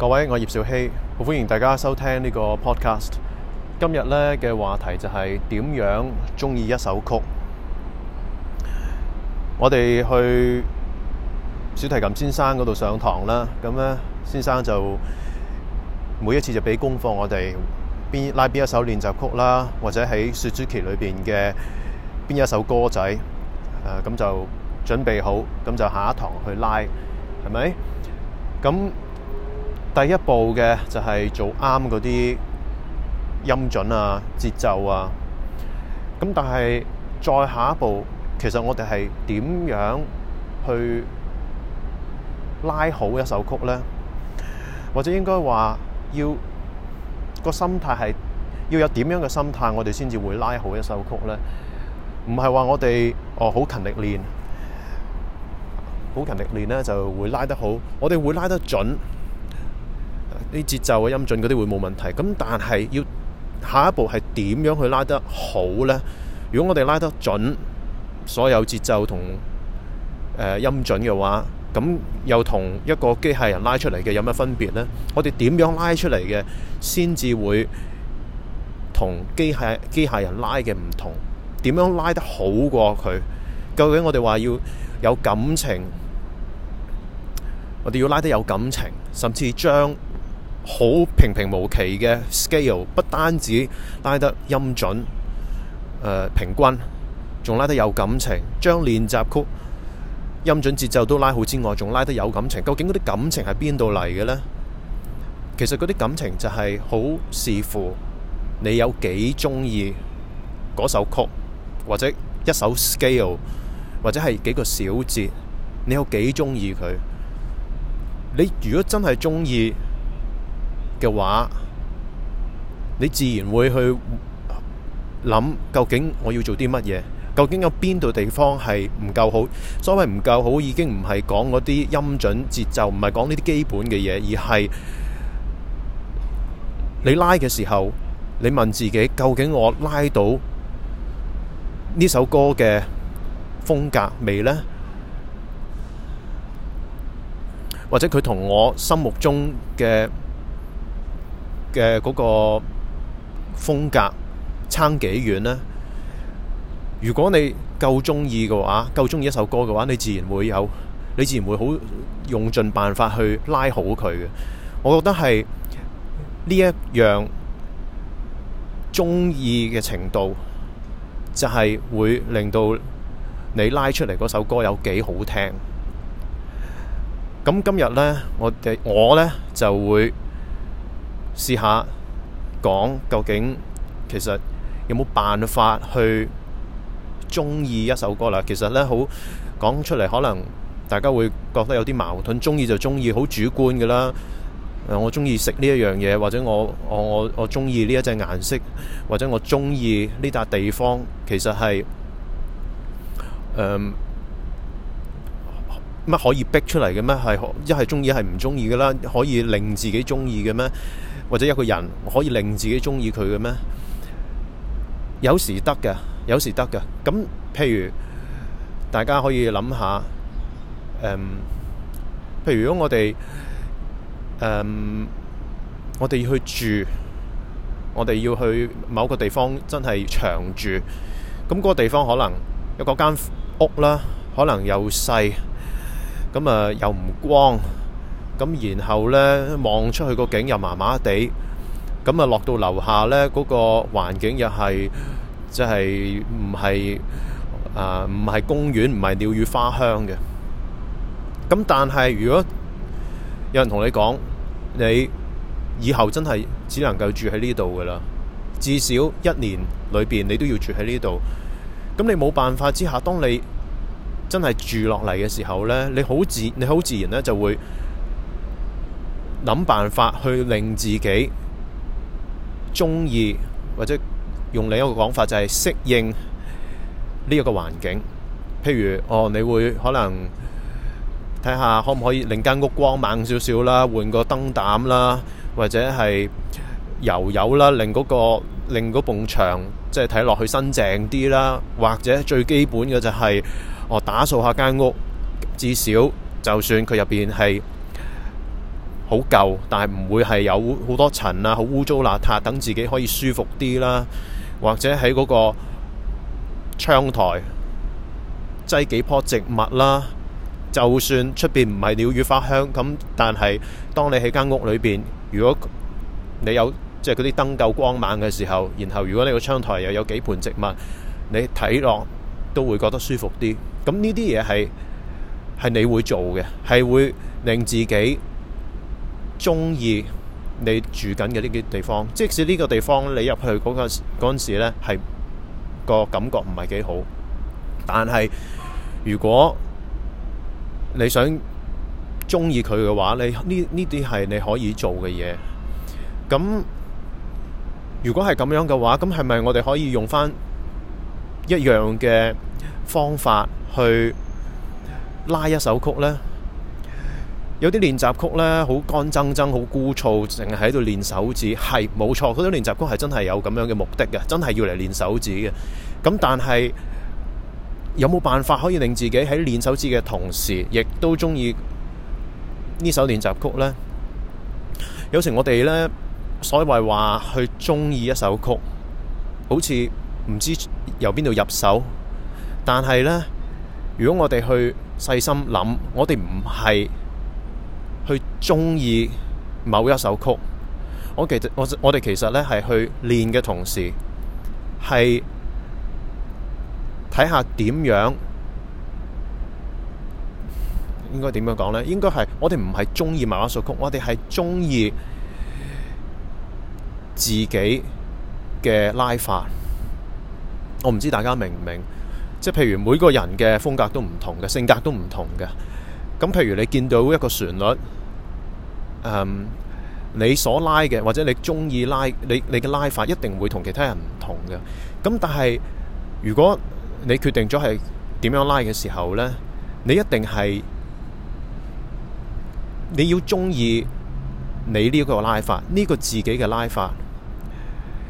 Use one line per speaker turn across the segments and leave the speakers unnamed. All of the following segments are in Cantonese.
各位，我葉少熙，好歡迎大家收聽呢個 podcast。今日呢嘅話題就係點樣鍾意一首曲。我哋去小提琴先生嗰度上堂啦。咁呢，先生就每一次就俾功課我哋邊拉邊一首練習曲啦，或者喺《雪之奇》裏邊嘅邊一首歌仔。誒，咁就準備好，咁就下一堂去拉，係咪咁？第一步嘅就係做啱嗰啲音準啊、節奏啊，咁但係再下一步，其實我哋係點樣去拉好一首曲呢？或者應該話要個心態係要有點樣嘅心態，我哋先至會拉好一首曲呢。唔係話我哋哦好勤力練，好勤力練呢就會拉得好，我哋會拉得準。啲節奏啊、音準嗰啲會冇問題，咁但係要下一步係點樣去拉得好呢？如果我哋拉得準，所有節奏同、呃、音準嘅話，咁又同一個機械人拉出嚟嘅有乜分別呢？我哋點樣拉出嚟嘅，先至會同機械機械人拉嘅唔同？點樣拉得好過佢？究竟我哋話要有感情，我哋要拉得有感情，甚至將好平平無奇嘅 scale，不單止拉得音準，呃，平均仲拉得有感情。將練習曲音準節奏都拉好之外，仲拉得有感情。究竟嗰啲感情係邊度嚟嘅呢？其實嗰啲感情就係好視乎你有幾鍾意嗰首曲或者一首 scale，或者係幾個小節，你有幾鍾意佢。你如果真係鍾意嘅話，你自然會去諗究竟我要做啲乜嘢？究竟有邊度地方係唔夠好？所謂唔夠好，已經唔係講嗰啲音準、節奏，唔係講呢啲基本嘅嘢，而係你拉嘅時候，你問自己究竟我拉到呢首歌嘅風格未呢？或者佢同我心目中嘅？嘅嗰個風格差幾遠呢？如果你夠中意嘅話，夠中意一首歌嘅話，你自然會有，你自然會好用盡辦法去拉好佢嘅。我覺得係呢一樣中意嘅程度，就係、是、會令到你拉出嚟嗰首歌有幾好聽。咁今日呢，我哋我呢就會。試下講究竟其實有冇辦法去中意一首歌啦？其實呢，好講出嚟，可能大家會覺得有啲矛盾。中意就中意，好主觀嘅啦。呃、我中意食呢一樣嘢，或者我我我我中意呢一隻顏色，或者我中意呢笪地方，其實係乜、呃、可以逼出嚟嘅咩？係一係中意係唔中意嘅啦，可以令自己中意嘅咩？或者一個人可以令自己中意佢嘅咩？有時得嘅，有時得嘅。咁譬如大家可以諗下，嗯，譬如如果我哋，嗯，我哋要去住，我哋要去某個地方真係長住，咁、那、嗰個地方可能有個間屋啦，可能又細，咁啊又唔光。咁然後呢，望出去個景又麻麻地，咁啊落到樓下呢，嗰個環境又係即係唔係啊，唔係公園，唔係鳥語花香嘅。咁但係如果有人同你講，你以後真係只能夠住喺呢度噶啦，至少一年裏邊你都要住喺呢度。咁你冇辦法之下，當你真係住落嚟嘅時候呢，你好自你好自然呢就會諗辦法去令自己中意，或者用另一個講法就係適應呢一個環境。譬如哦，你會可能睇下可唔可以令間屋光猛少少啦，換個燈膽啦，或者係油油啦，令嗰個令嗰埲牆即係睇落去新淨啲啦。或者最基本嘅就係哦，打掃下間屋，至少就算佢入邊係。好舊，但係唔會係有好多塵啊，好污糟邋遢，等自己可以舒服啲啦。或者喺嗰個窗台，擠幾樖植物啦。就算出邊唔係鳥語花香咁，但係當你喺間屋裏邊，如果你有即係嗰啲燈夠光猛嘅時候，然後如果你個窗台又有幾盆植物，你睇落都會覺得舒服啲。咁呢啲嘢係係你會做嘅，係會令自己。中意你住緊嘅呢啲地方，即使呢個地方你入去嗰陣嗰陣時咧，係個感覺唔係幾好，但係如果你想中意佢嘅話，你呢呢啲係你可以做嘅嘢。咁如果係咁樣嘅話，咁係咪我哋可以用翻一樣嘅方法去拉一首曲呢？有啲練習曲呢，好乾爭爭，好枯燥，淨係喺度練手指。係冇錯，嗰啲練習曲係真係有咁樣嘅目的嘅，真係要嚟練手指嘅。咁但係有冇辦法可以令自己喺練手指嘅同時，亦都中意呢首練習曲呢？有時我哋呢，所謂話去中意一首曲，好似唔知由邊度入手，但係呢，如果我哋去細心諗，我哋唔係，去中意某一首曲，我其實我我哋其實呢係去練嘅同時，係睇下點樣，應該點樣講呢？應該係我哋唔係中意某一首曲，我哋係中意自己嘅拉法。我唔知大家明唔明？即係譬如每個人嘅風格都唔同嘅，性格都唔同嘅。咁譬如你見到一個旋律。嗯，um, 你所拉嘅或者你中意拉你你嘅拉法，一定會同其他人唔同嘅。咁但係如果你決定咗係點樣拉嘅時候呢，你一定係你要中意你呢個拉法，呢個自己嘅拉法。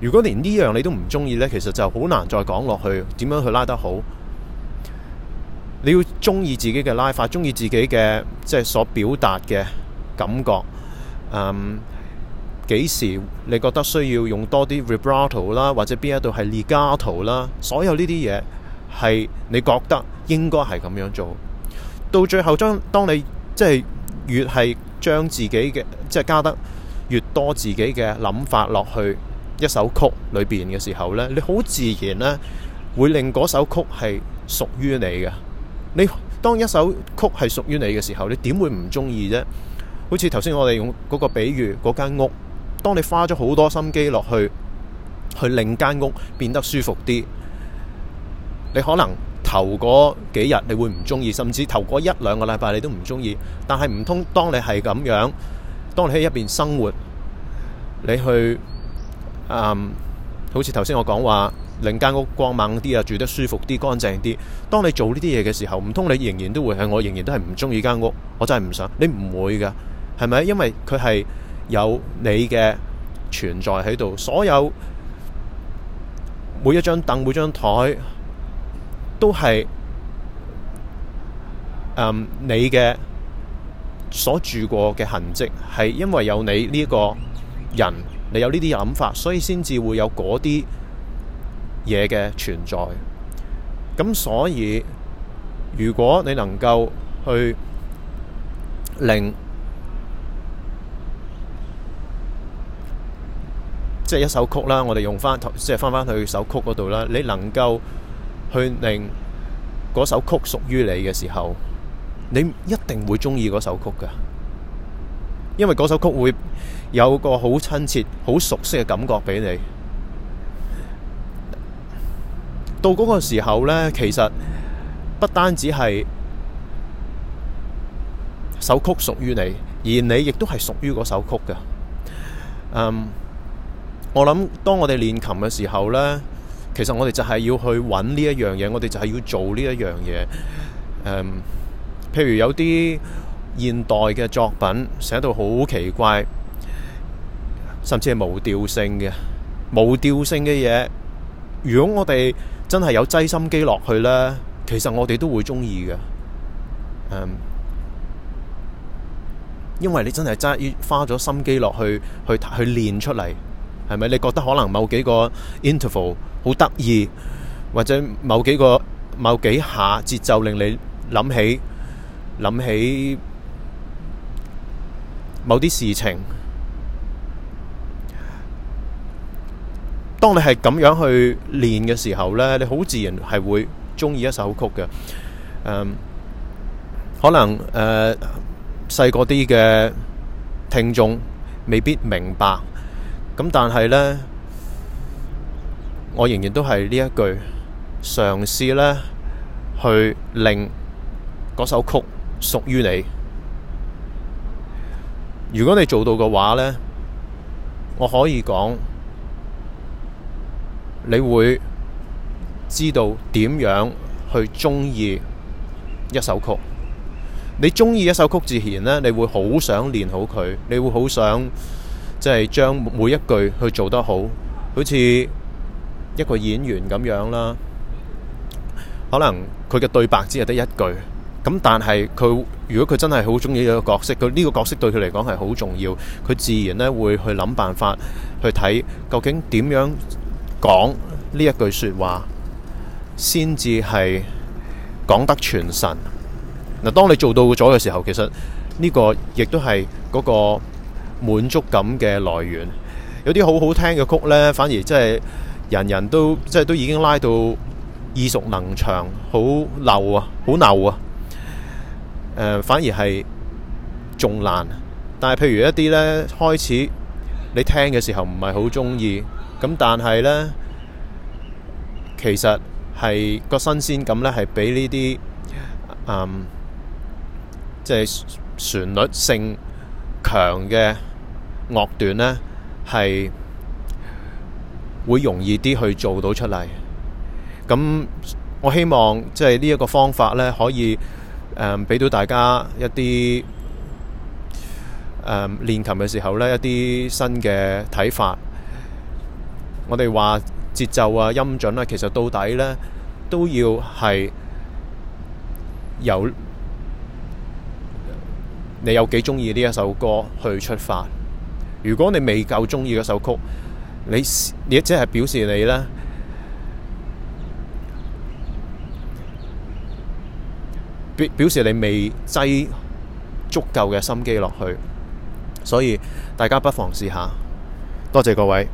如果連呢樣你都唔中意呢，其實就好難再講落去點樣去拉得好。你要中意自己嘅拉法，中意自己嘅即係所表達嘅感覺。嗯，幾時你覺得需要用多啲 vibrato 啦，或者邊一度係 legato 啦，所有呢啲嘢係你覺得應該係咁樣做。到最後將當你即係、就是、越係將自己嘅即係加得越多自己嘅諗法落去一首曲裏邊嘅時候呢，你好自然呢會令嗰首曲係屬於你嘅。你當一首曲係屬於你嘅時候，你點會唔中意啫？好似頭先我哋用嗰個比喻，嗰間屋，當你花咗好多心機落去，去令間屋變得舒服啲，你可能頭嗰幾日你會唔中意，甚至頭嗰一兩個禮拜你都唔中意，但係唔通當你係咁樣，當你喺一邊生活，你去，嗯，好似頭先我講話，令間屋光猛啲啊，住得舒服啲，乾淨啲。當你做呢啲嘢嘅時候，唔通你仍然都會係我，仍然都係唔中意間屋，我真係唔想，你唔會噶。係咪？因為佢係有你嘅存在喺度，所有每一張凳、每張台都係、嗯、你嘅所住過嘅痕跡。係因為有你呢個人，你有呢啲諗法，所以先至會有嗰啲嘢嘅存在。咁所以，如果你能夠去令。即係一首曲啦，我哋用翻，即係翻返去首曲嗰度啦。你能夠去令嗰首曲屬於你嘅時候，你一定會中意嗰首曲噶，因為嗰首曲會有個好親切、好熟悉嘅感覺俾你。到嗰個時候呢，其實不單止係首曲屬於你，而你亦都係屬於嗰首曲噶。嗯。我諗，當我哋練琴嘅時候呢，其實我哋就係要去搵呢一樣嘢，我哋就係要做呢一樣嘢，嗯。譬如有啲現代嘅作品寫到好奇怪，甚至係無調性嘅。無調性嘅嘢，如果我哋真係有擠心機落去呢，其實我哋都會中意嘅。嗯，因為你真係真花咗心機落去去去，去練出嚟。係咪你覺得可能某幾個 interval 好得意，或者某幾個某幾下節奏令你諗起諗起某啲事情？當你係咁樣去練嘅時候呢，你好自然係會中意一首曲嘅。嗯，可能誒細個啲嘅聽眾未必明白。咁但係呢，我仍然都係呢一句，嘗試呢去令嗰首曲屬於你。如果你做到嘅話呢，我可以講你會知道點樣去鍾意一首曲。你鍾意一首曲之前呢，你會好想練好佢，你會好想。即係將每一句去做得好，好似一個演員咁樣啦。可能佢嘅對白只係得一句，咁但係佢如果佢真係好中意一個角色，佢呢個角色對佢嚟講係好重要，佢自然咧會去諗辦法去睇究竟點樣講呢一句說話，先至係講得全神。嗱，當你做到咗嘅時候，其實呢個亦都係嗰個滿足感嘅來源，有啲好好聽嘅曲呢，反而即係人人都即係、就是、都已經拉到耳熟能詳，好溜啊，好溜啊、呃！反而係仲難。但係譬如一啲呢，開始你聽嘅時候唔係好鍾意，咁但係呢，其實係個新鮮感呢，係比呢啲即係旋律性強嘅樂段呢係會容易啲去做到出嚟，咁我希望即係呢一個方法呢，可以誒俾到大家一啲誒、呃、練琴嘅時候呢，一啲新嘅睇法。我哋話節奏啊、音準啊，其實到底呢都要係有你有幾鍾意呢一首歌去出發。如果你未夠鍾意嗰首曲，你你只係表示你呢，表、呃、表示你未擠足夠嘅心機落去，所以大家不妨試下。多謝各位。